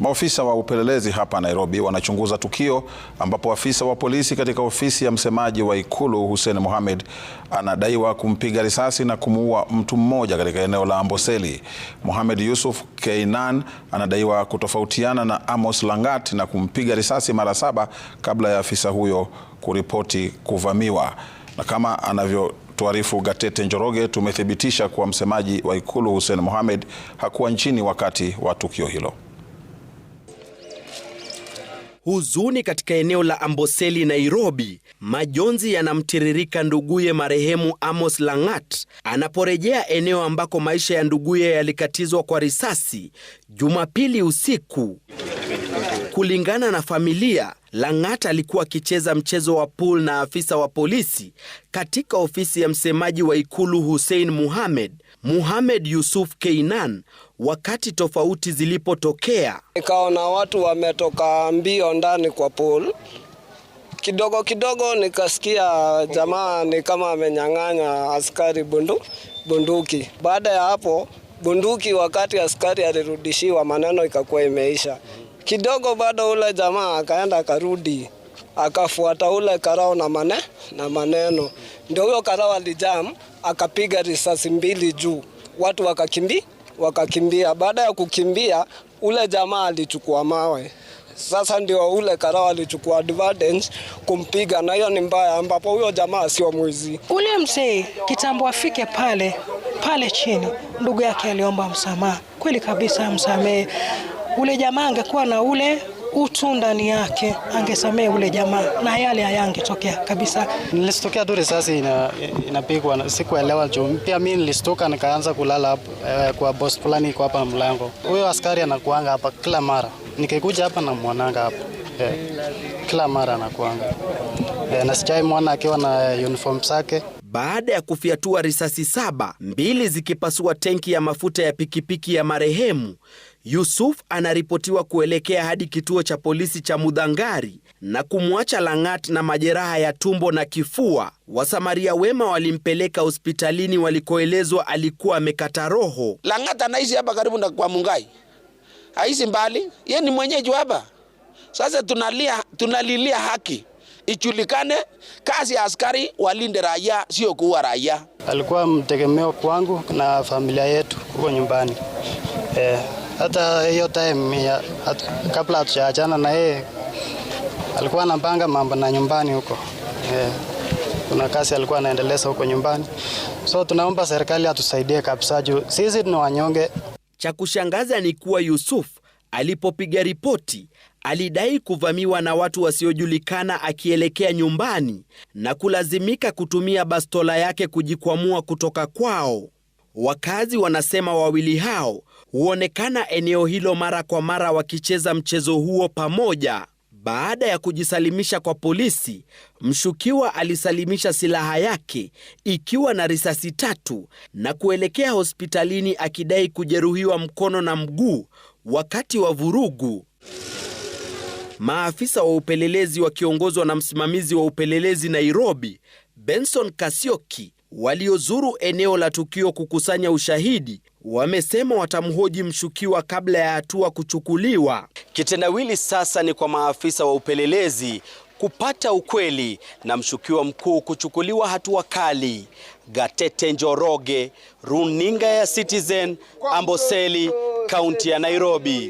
Maofisa wa upelelezi hapa Nairobi wanachunguza tukio ambapo afisa wa polisi katika ofisi ya msemaji wa Ikulu Hussein Mohamed anadaiwa kumpiga risasi na kumuua mtu mmoja katika eneo la Amboseli. Mohamed Yusuf Keinan anadaiwa kutofautiana na Amos Langat na kumpiga risasi mara saba kabla ya afisa huyo kuripoti kuvamiwa. Na kama anavyotuarifu Gatete Njoroge, tumethibitisha kuwa msemaji wa Ikulu Hussein Mohamed hakuwa nchini wakati wa tukio hilo. Huzuni katika eneo la Amboseli, Nairobi. Majonzi yanamtiririka nduguye marehemu Amos Langat anaporejea eneo ambako maisha ya nduguye yalikatizwa kwa risasi Jumapili usiku. Kulingana na familia, Langat alikuwa akicheza mchezo wa pool na afisa wa polisi katika ofisi ya msemaji wa ikulu Hussein Muhamed Muhamed Yusuf Keinan wakati tofauti zilipotokea. Nikaona watu wametoka mbio ndani kwa pool kidogo kidogo, nikasikia jamaa ni kama amenyang'anya askari bundu, bunduki. Baada ya hapo bunduki, wakati askari alirudishiwa, maneno ikakuwa imeisha kidogo. Bado ule jamaa akaenda akarudi akafuata ule karao na, mane, na maneno ndio huyo karao alijam akapiga risasi mbili juu, watu wakakimbi wakakimbia. Baada ya kukimbia, ule jamaa alichukua mawe. Sasa ndio ule karao alichukua advantage kumpiga, na hiyo ni mbaya, ambapo huyo jamaa sio mwizi. Ule mzee kitambo afike pale pale chini, ndugu yake aliomba msamaha kweli kabisa, amsamehe ule jamaa. Angekuwa na ule utu ndani yake, angesamehe ule jamaa na yale hayangetokea kabisa. Nilistokea tu risasi ina, inapigwa, sikuelewa juu pia mi nilistoka nikaanza kulala eh, kwa boss fulani iko hapa mlango. Huyo askari anakuanga hapa kila mara, nikikuja hapa na mwananga hapa eh, kila mara anakuanga eh, na sijai mwana akiwa na uniform zake baada ya kufyatua risasi saba, mbili zikipasua tenki ya mafuta ya pikipiki ya marehemu. Yusuf anaripotiwa kuelekea hadi kituo cha polisi cha Mudhangari na kumwacha Langat na majeraha ya tumbo na kifua. Wasamaria wema walimpeleka hospitalini walikoelezwa alikuwa amekata roho. Langat anaishi hapa karibu na kwa Mungai, aishi mbali, ye ni mwenyeji hapa. Sasa tunalia, tunalilia haki ijulikane, kazi ya askari walinde raia, sio kuua raia. Alikuwa mtegemeo kwangu na familia yetu huko nyumbani eh, hata hiyo time ya, kabla hatujaachana na yeye alikuwa anapanga mambo na nyumbani huko eh, kuna kazi alikuwa anaendeleza huko nyumbani, so tunaomba serikali atusaidie kabisa juu sisi ni wanyonge. Cha kushangaza ni kuwa Yusuf alipopiga ripoti alidai kuvamiwa na watu wasiojulikana akielekea nyumbani na kulazimika kutumia bastola yake kujikwamua kutoka kwao. Wakazi wanasema wawili hao huonekana eneo hilo mara kwa mara wakicheza mchezo huo pamoja. Baada ya kujisalimisha kwa polisi, mshukiwa alisalimisha silaha yake ikiwa na risasi tatu na kuelekea hospitalini akidai kujeruhiwa mkono na mguu wakati wa vurugu. Maafisa wa upelelezi wakiongozwa na msimamizi wa upelelezi Nairobi, Benson Kasioki, waliozuru eneo la tukio kukusanya ushahidi, wamesema watamhoji mshukiwa kabla ya hatua kuchukuliwa. Kitendawili sasa ni kwa maafisa wa upelelezi kupata ukweli na mshukiwa mkuu kuchukuliwa hatua kali. Gatete Njoroge, runinga ya Citizen, Amboseli, kaunti ya Nairobi.